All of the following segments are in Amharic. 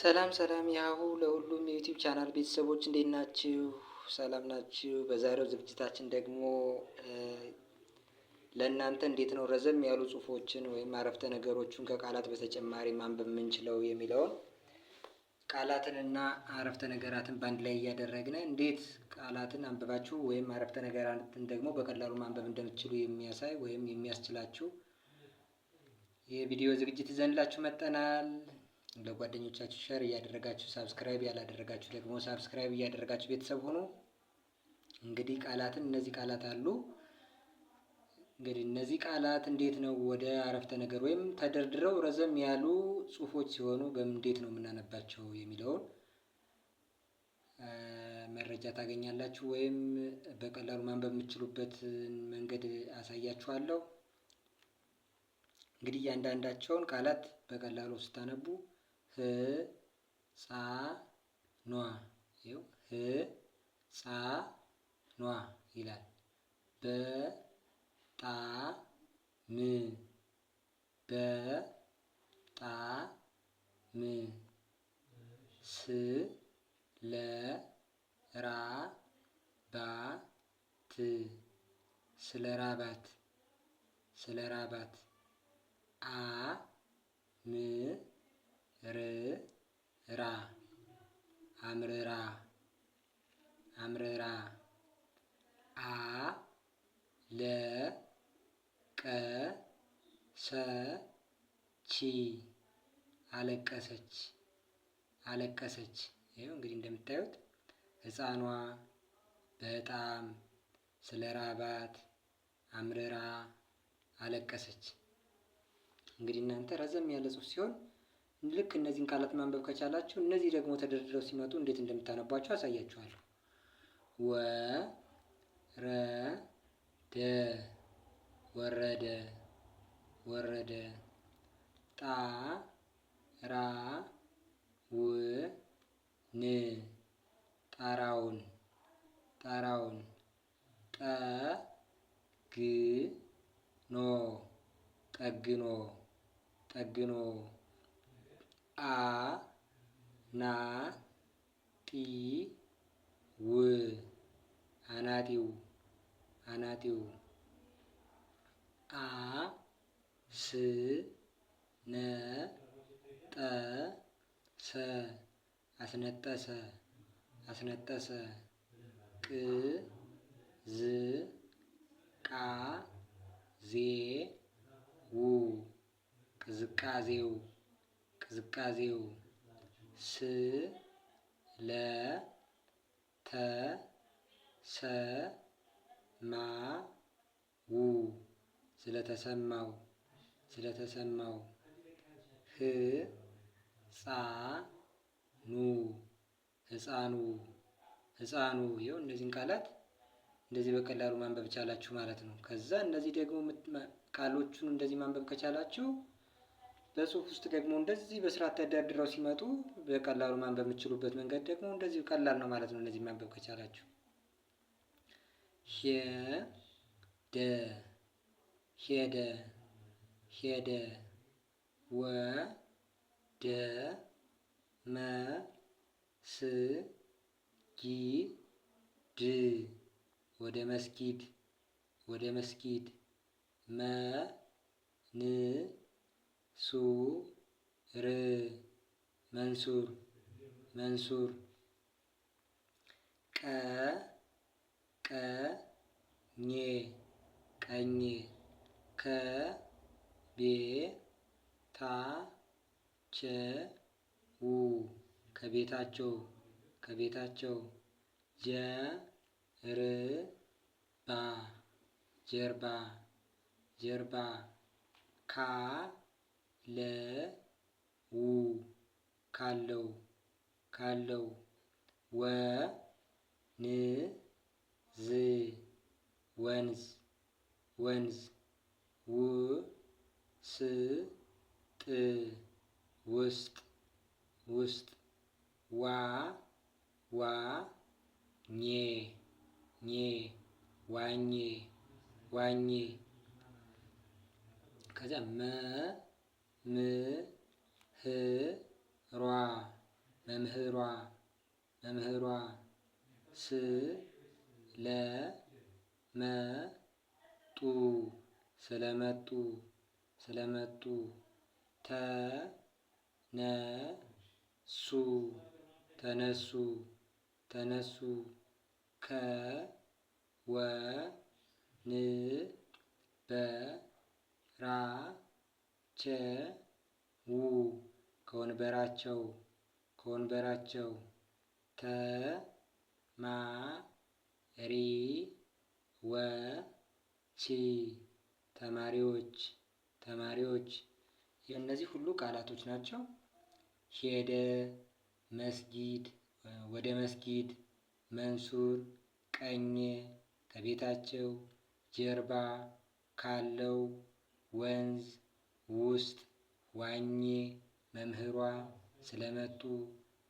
ሰላም ሰላም ያሁ ለሁሉም የዩቲዩብ ቻናል ቤተሰቦች እንዴት ናችሁ? ሰላም ናችሁ? በዛሬው ዝግጅታችን ደግሞ ለእናንተ እንዴት ነው ረዘም ያሉ ጽሁፎችን ወይም አረፍተ ነገሮችን ከቃላት በተጨማሪ ማንበብ የምንችለው የሚለውን ቃላትንና አረፍተ ነገራትን በአንድ ላይ እያደረግን እንዴት ቃላትን አንብባችሁ ወይም አረፍተ ነገራትን ደግሞ በቀላሉ ማንበብ እንደምትችሉ የሚያሳይ ወይም የሚያስችላችሁ የቪዲዮ ዝግጅት ይዘንላችሁ መጠናል። ለጓደኞቻችሁ ሸር እያደረጋችሁ ሳብስክራይብ ያላደረጋችሁ ደግሞ ሳብስክራይብ እያደረጋችሁ ቤተሰብ ሆኖ እንግዲህ ቃላትን እነዚህ ቃላት አሉ። እንግዲህ እነዚህ ቃላት እንዴት ነው ወደ አረፍተ ነገር ወይም ተደርድረው ረዘም ያሉ ጽሁፎች ሲሆኑ እንዴት ነው የምናነባቸው የሚለውን መረጃ ታገኛላችሁ፣ ወይም በቀላሉ ማንበብ የምችሉበት መንገድ አሳያችኋለሁ። እንግዲህ እያንዳንዳቸውን ቃላት በቀላሉ ስታነቡ ህፃኗ ይኸው ህፃኗ ይላል። በጣም በጣም ስለራባት ስለራባት ስለራባት አ ም ር ራ አምርራ አምርራ አ ለ ቀ ሰ ቺ አለቀሰች አለቀሰች። ይኸው እንግዲህ እንደምታዩት ሕፃኗ በጣም ስለ ራባት አምርራ አለቀሰች። እንግዲህ እናንተ ረዘም ያለ ጽሑፍ ሲሆን ልክ እነዚህን ቃላት ማንበብ ከቻላችሁ እነዚህ ደግሞ ተደርድረው ሲመጡ እንዴት እንደምታነቧቸው አሳያችኋለሁ። ወ ረ ደ ወረደ ወረደ ጣ ራ ው ን ጣራውን ጣራውን ጠ ግ ኖ ጠግኖ ጠግኖ አ ና ጢ ው አናጢው አናጢው አ ስ ነ ጠ ሰ አስነጠሰ አስነጠሰ ቅ ዝ ቃ ዜ ው ቅዝቃዜው ቅዝቃዜው ስ ለ ተ ሰ ማ ው ስለተሰማው ስለተሰማው ህ ፃ ኑ ህፃኑ ህፃኑ ይኸው እነዚህን ቃላት እንደዚህ በቀላሉ ማንበብ ቻላችሁ ማለት ነው። ከዛ እነዚህ ደግሞ ቃሎቹን እንደዚህ ማንበብ ከቻላችሁ በጽሁፍ ውስጥ ደግሞ እንደዚህ በስርዓት ተደርድረው ሲመጡ በቀላሉ ማንበብ የምችሉበት መንገድ ደግሞ እንደዚህ ቀላል ነው ማለት ነው። እነዚህ ማንበብ ከቻላችሁ ደ ሄደ ሄደ ወ ደ መ ስ ጊ ድ ወደ መስጊድ ወደ መስጊድ መ ን ሱ ር መንሱር መንሱር ቀ ቀ ኜ ቀኜ ከ ቤ ታ ቸ ው ከቤታቸው ከቤታቸው ጀ ር ባ ጀርባ ጀርባ ካ ለ ው ካለው ካለው ወ ን ዝ ወንዝ ወንዝ ው ስ ጥ ውስጥ ውስጥ ዋ ዋ ኘ ኘ ዋኘ ዋኘ ከዚያ መ ምህሯ መምህሯ መምህሯ ስ ለ መ ጡ ስለመጡ ስለመጡ ተ ነ ሱ ተነሱ ተነሱ ከ ወ ን በ ራ ው ከወንበራቸው ከወንበራቸው ተ ማ ሪ ወ ቺ ተማሪዎች ተማሪዎች እነዚህ ሁሉ ቃላቶች ናቸው። ሄደ መስጊድ ወደ መስጊድ መንሱር ቀኘ ከቤታቸው ጀርባ ካለው ወንዝ ውስጥ ዋኜ መምህሯ ስለመጡ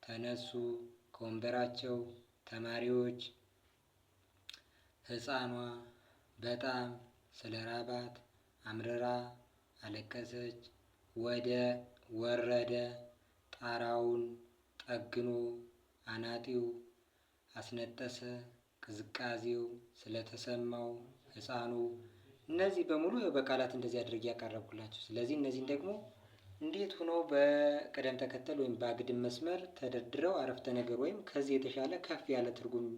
ተነሱ ከወንበራቸው ተማሪዎች። ህፃኗ በጣም ስለራባት አምርራ አለቀሰች። ወደ ወረደ ጣራውን ጠግኖ አናጢው አስነጠሰ። ቅዝቃዜው ስለተሰማው ህፃኑ እነዚህ በሙሉ በቃላት እንደዚህ አድርጌ ያቀረብኩላቸው። ስለዚህ እነዚህን ደግሞ እንዴት ሆኖ በቅደም ተከተል ወይም በአግድም መስመር ተደርድረው አረፍተ ነገር ወይም ከዚህ የተሻለ ከፍ ያለ ትርጉም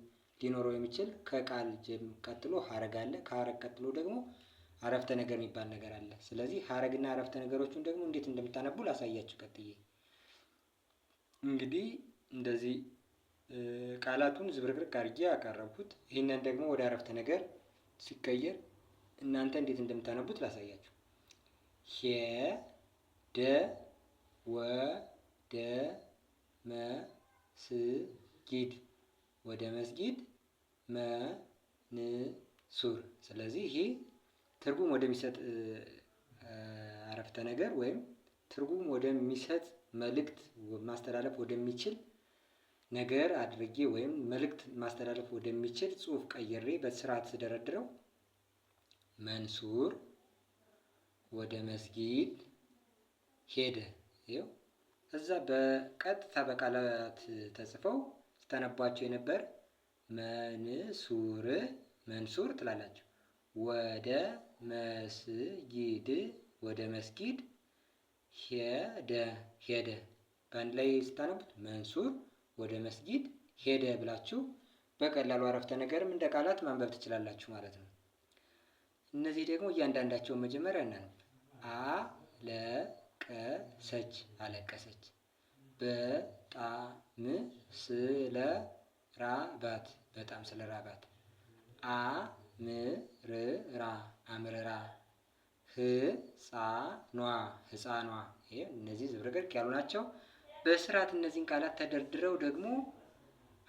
ሊኖረው የሚችል ከቃል ቀጥሎ ሀረግ አለ። ከሀረግ ቀጥሎ ደግሞ አረፍተ ነገር የሚባል ነገር አለ። ስለዚህ ሀረግና አረፍተ ነገሮችን ደግሞ እንዴት እንደምታነቡ ላሳያችሁ ቀጥዬ። እንግዲህ እንደዚህ ቃላቱን ዝብርቅርቅ አድርጌ ያቀረብኩት፣ ይህንን ደግሞ ወደ አረፍተ ነገር ሲቀየር እናንተ እንዴት እንደምታነቡት ላሳያችሁ። ሄ ደ ወ ደ መ ስ ጊድ ወደ መስጊድ መ ን ሱር። ስለዚህ ይሄ ትርጉም ወደሚሰጥ አረፍተ ነገር ወይም ትርጉም ወደሚሰጥ መልእክት ማስተላለፍ ወደሚችል ነገር አድርጌ ወይም መልእክት ማስተላለፍ ወደሚችል ጽሑፍ ቀይሬ በስርዓት ስደረድረው መንሱር ወደ መስጊድ ሄደ። ይኸው እዛ በቀጥታ በቃላት ተጽፈው ስታነቧቸው የነበር መንሱር መንሱር ትላላችሁ። ወደ መስጊድ ወደ መስጊድ ሄደ ሄደ። በአንድ ላይ ስታነቡት መንሱር ወደ መስጊድ ሄደ ብላችሁ በቀላሉ አረፍተ ነገርም እንደ ቃላት ማንበብ ትችላላችሁ ማለት ነው። እነዚህ ደግሞ እያንዳንዳቸው መጀመሪያ እናነብ። አለቀሰች አለቀሰች። በጣም ስለራባት ራባት በጣም ስለራባት። አምርራ አምርራ። ህፃኗ ህፃኗ። ይሄ እነዚህ ዝብርቅርቅ ያሉ ናቸው። በስርዓት እነዚህን ቃላት ተደርድረው ደግሞ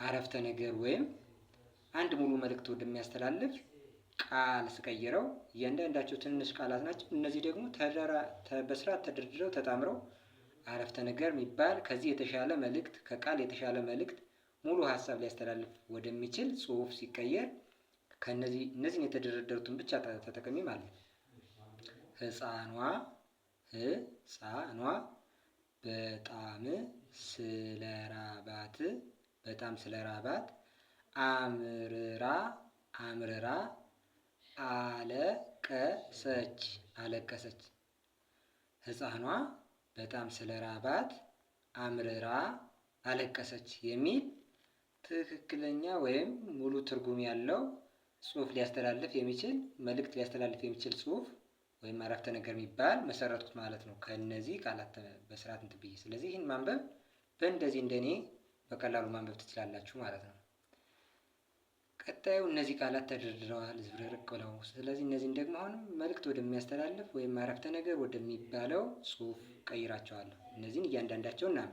አረፍተ ነገር ወይም አንድ ሙሉ መልእክት ወደሚያስተላልፍ ቃል ስቀይረው እያንዳንዳቸው ትንንሽ ቃላት ናቸው። እነዚህ ደግሞ በስርዓት ተደርድረው ተጣምረው አረፍተ ነገር የሚባል ከዚህ የተሻለ መልእክት ከቃል የተሻለ መልእክት ሙሉ ሀሳብ ሊያስተላልፍ ወደሚችል ጽሁፍ ሲቀየር ከነዚህ እነዚህን የተደረደሩትን ብቻ ተጠቅሚ ማለት ነው። ህፃኗ ህፃኗ በጣም ስለራባት በጣም ስለራባት አምርራ አምርራ አለቀሰች አለቀሰች። ህፃኗ በጣም ስለራባት አምርራ አለቀሰች የሚል ትክክለኛ ወይም ሙሉ ትርጉም ያለው ጽሁፍ ሊያስተላልፍ የሚችል መልእክት ሊያስተላልፍ የሚችል ጽሁፍ ወይም አረፍተ ነገር የሚባል መሰረትኩት ማለት ነው። ከነዚህ ቃላት በስርዓት እንትን ስለዚህ ይህን ማንበብ በእንደዚህ እንደኔ በቀላሉ ማንበብ ትችላላችሁ ማለት ነው። ቀጣዩ እነዚህ ቃላት ተደርድረዋል ዝብርርቅ ብለው። ስለዚህ እነዚህን ደግሞ አሁንም መልእክት ወደሚያስተላልፍ ወይም አረፍተ ነገር ወደሚባለው ጽሑፍ ቀይራቸዋለሁ። እነዚህን እያንዳንዳቸው እናንብ።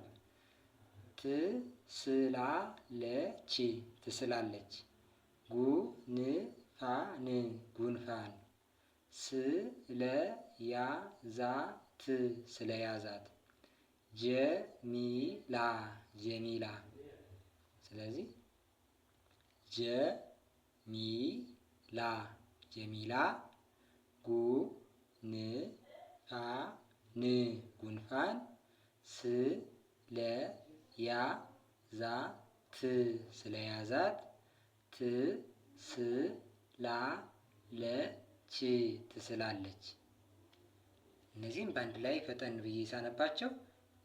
ትስላለች ትስላለች፣ ጉንፋን ጉንፋን፣ ስለያዛት ስለያዛት፣ ጀሚላ ጀሚላ። ስለዚህ ጀሚላ ጀሚላ ጉንፋን ጉንፋን ስለያዛት ስለያዛት ትስላለች ትስላለች። እነዚህም በአንድ ላይ ፈጠን ብዬ ሳነባቸው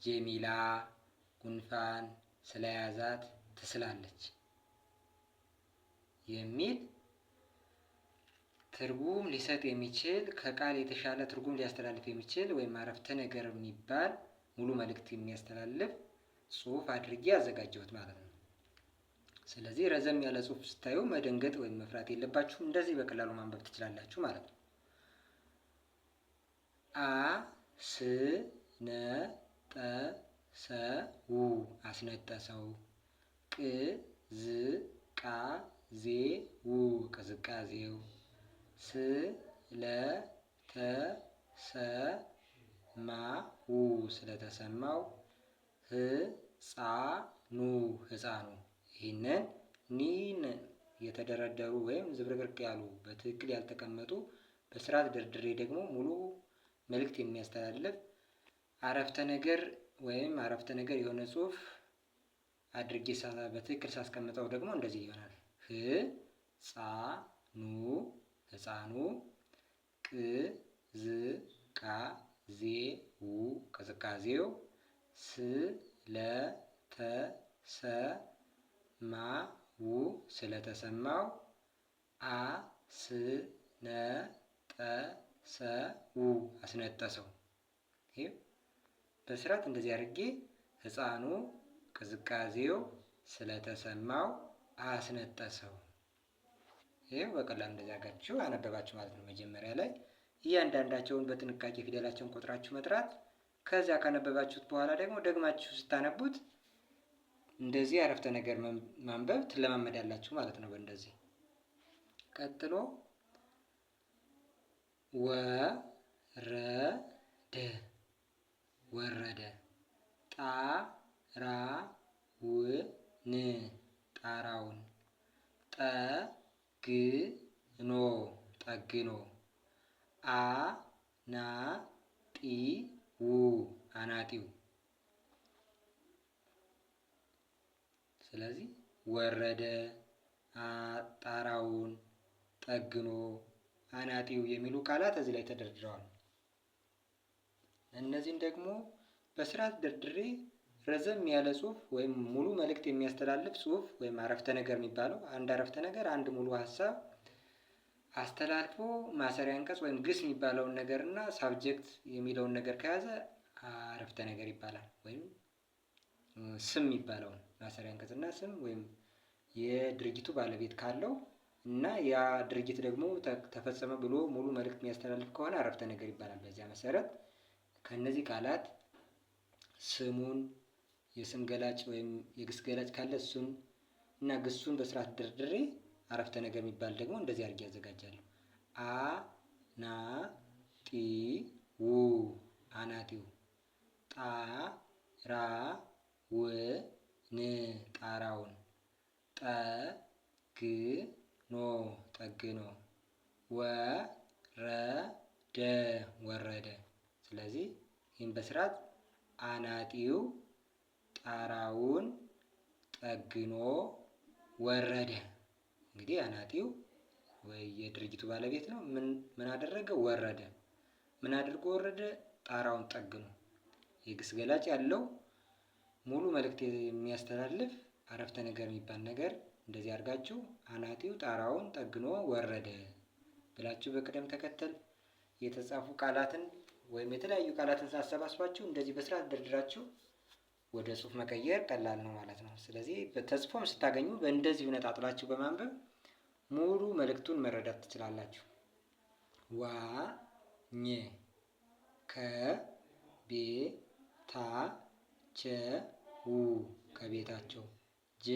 ጀሚላ ጉንፋን ስለያዛት ትስላለች። የሚል ትርጉም ሊሰጥ የሚችል ከቃል የተሻለ ትርጉም ሊያስተላልፍ የሚችል ወይም አረፍተ ነገር የሚባል ሙሉ መልእክት የሚያስተላልፍ ጽሁፍ አድርጌ አዘጋጀሁት ማለት ነው። ስለዚህ ረዘም ያለ ጽሁፍ ስታዩ መደንገጥ ወይም መፍራት የለባችሁም። እንደዚህ በቀላሉ ማንበብ ትችላላችሁ ማለት ነው። አ ስ ነ ጠ ሰ ው አስነጠሰው ቅ ዝ ቃ ዜው ቅዝቃዜው ስለተሰማው ስለተሰማው ኑ ህፃኑ ይህንን ኒን የተደረደሩ ወይም ዝብርቅርቅ ያሉ በትክክል ያልተቀመጡ በስርዓት ደርድሬ ደግሞ ሙሉ መልእክት የሚያስተላልፍ አረፍተ ነገር ወይም አረፍተ ነገር የሆነ ጽሁፍ አድርጌ በትክክል ሳስቀምጠው ደግሞ እንደዚህ ይሆናል። ህፃኑ ው ቅዝቃዜው ው ስለተሰማው አ ስለተሰማው ው አስነጠሰው። በስርዓት እንደዚህ አድርጌ ህፃኑ ቅዝቃዜው ስለተሰማው አስነጠሰው። ይህ በቀላሉ እንደዚህ አጋችሁ አነበባችሁ ማለት ነው። መጀመሪያ ላይ እያንዳንዳቸውን በጥንቃቄ ፊደላቸውን ቆጥራችሁ መጥራት፣ ከዚያ ካነበባችሁት በኋላ ደግሞ ደግማችሁ ስታነቡት እንደዚህ አረፍተ ነገር ማንበብ ትለማመዳላችሁ ማለት ነው። በእንደዚህ ቀጥሎ ወረደ ወረደ ጣራውን ጣራውን ጠግኖ ጠግኖ አ ና ጢ ው አናጢው ስለዚህ ወረደ ጣራውን ጠግኖ አናጢው የሚሉ ቃላት እዚህ ላይ ተደርድረዋል። እነዚህን ደግሞ በስርዓት ደርድሬ ረዘም ያለ ጽሁፍ ወይም ሙሉ መልእክት የሚያስተላልፍ ጽሁፍ ወይም አረፍተ ነገር የሚባለው አንድ አረፍተ ነገር አንድ ሙሉ ሀሳብ አስተላልፎ ማሰሪያ አንቀጽ ወይም ግስ የሚባለውን ነገር እና ሳብጀክት የሚለውን ነገር ከያዘ አረፍተ ነገር ይባላል። ወይም ስም የሚባለውን ማሰሪያ አንቀጽ እና ስም ወይም የድርጊቱ ባለቤት ካለው እና ያ ድርጊት ደግሞ ተፈጸመ ብሎ ሙሉ መልእክት የሚያስተላልፍ ከሆነ አረፍተ ነገር ይባላል። በዚያ መሰረት ከእነዚህ ቃላት ስሙን የስም ገላጭ ወይም የግስ ገላጭ ካለ እሱን እና ግሱን በስርዓት ደርድሬ አረፍተ ነገር የሚባል ደግሞ እንደዚህ አድርጌ ያዘጋጃለሁ። አ ና ጢ ው አናጢው ጣ ራ ው ን ጣራውን ጠ ግ ኖ ጠግኖ ወ ረ ደ ወረደ። ስለዚህ ይህም በስርዓት አናጢው ጣራውን ጠግኖ ወረደ። እንግዲህ አናጢው ወይ የድርጅቱ ባለቤት ነው። ምን አደረገ? ወረደ። ምን አድርጎ ወረደ? ጣራውን ጠግኖ። የግስ ገላጭ ያለው ሙሉ መልእክት የሚያስተላልፍ አረፍተ ነገር የሚባል ነገር እንደዚህ አድርጋችሁ አናጢው ጣራውን ጠግኖ ወረደ ብላችሁ በቅደም ተከተል የተጻፉ ቃላትን ወይም የተለያዩ ቃላትን ሳሰባስባችሁ እንደዚህ በስርዓት ደርድራችሁ ወደ ጽሁፍ መቀየር ቀላል ነው ማለት ነው። ስለዚህ ተጽፎም ስታገኙ በእንደዚህ አጥላችሁ በማንበብ ሙሉ መልእክቱን መረዳት ትችላላችሁ። ዋ ኘ ከ ቤ ታ ቸ ው ከቤታቸው ጀ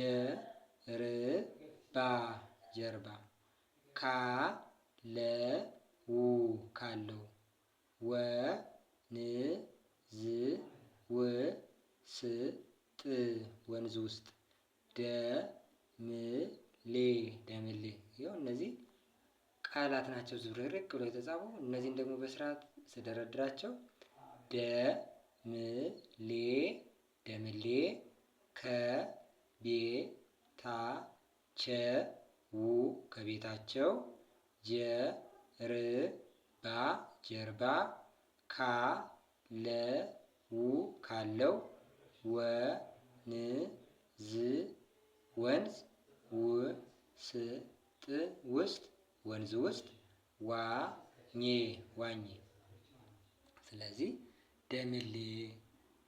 ር ባ ጀርባ ካ ለ ው ካለው ወ ን ዝ ው ስጥ ወንዝ ውስጥ ደምሌ ደምሌ ይኸው እነዚህ ቃላት ናቸው ዝብርቅርቅ ብሎ የተጻፉ እነዚህን ደግሞ በስርዓት ስደረድራቸው ደምሌ ደምሌ ከቤታቸው ከቤታቸው ጀርባ ጀርባ ካለው ካለው ወንዝ ወንዝ ውስጥ ውስጥ ወንዝ ውስጥ ዋኘ ዋኘ። ስለዚህ ደምሌ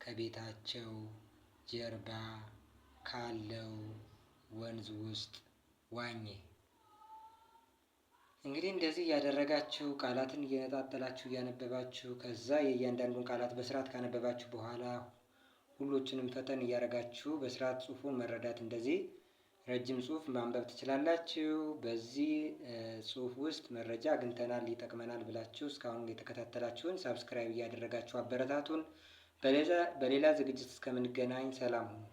ከቤታቸው ጀርባ ካለው ወንዝ ውስጥ ዋኘ። እንግዲህ እንደዚህ እያደረጋችሁ ቃላትን እየነጣጠላችሁ እያነበባችሁ ከዛ የእያንዳንዱን ቃላት በስርዓት ካነበባችሁ በኋላ ሁሎችንም ፈተን እያደረጋችሁ በስርዓት ጽሁፉን መረዳት እንደዚህ ረጅም ጽሁፍ ማንበብ ትችላላችሁ። በዚህ ጽሁፍ ውስጥ መረጃ አግኝተናል፣ ይጠቅመናል ብላችሁ እስካሁን የተከታተላችሁን ሳብስክራይብ እያደረጋችሁ አበረታቱን። በሌላ ዝግጅት እስከምንገናኝ ሰላም ሁኑ።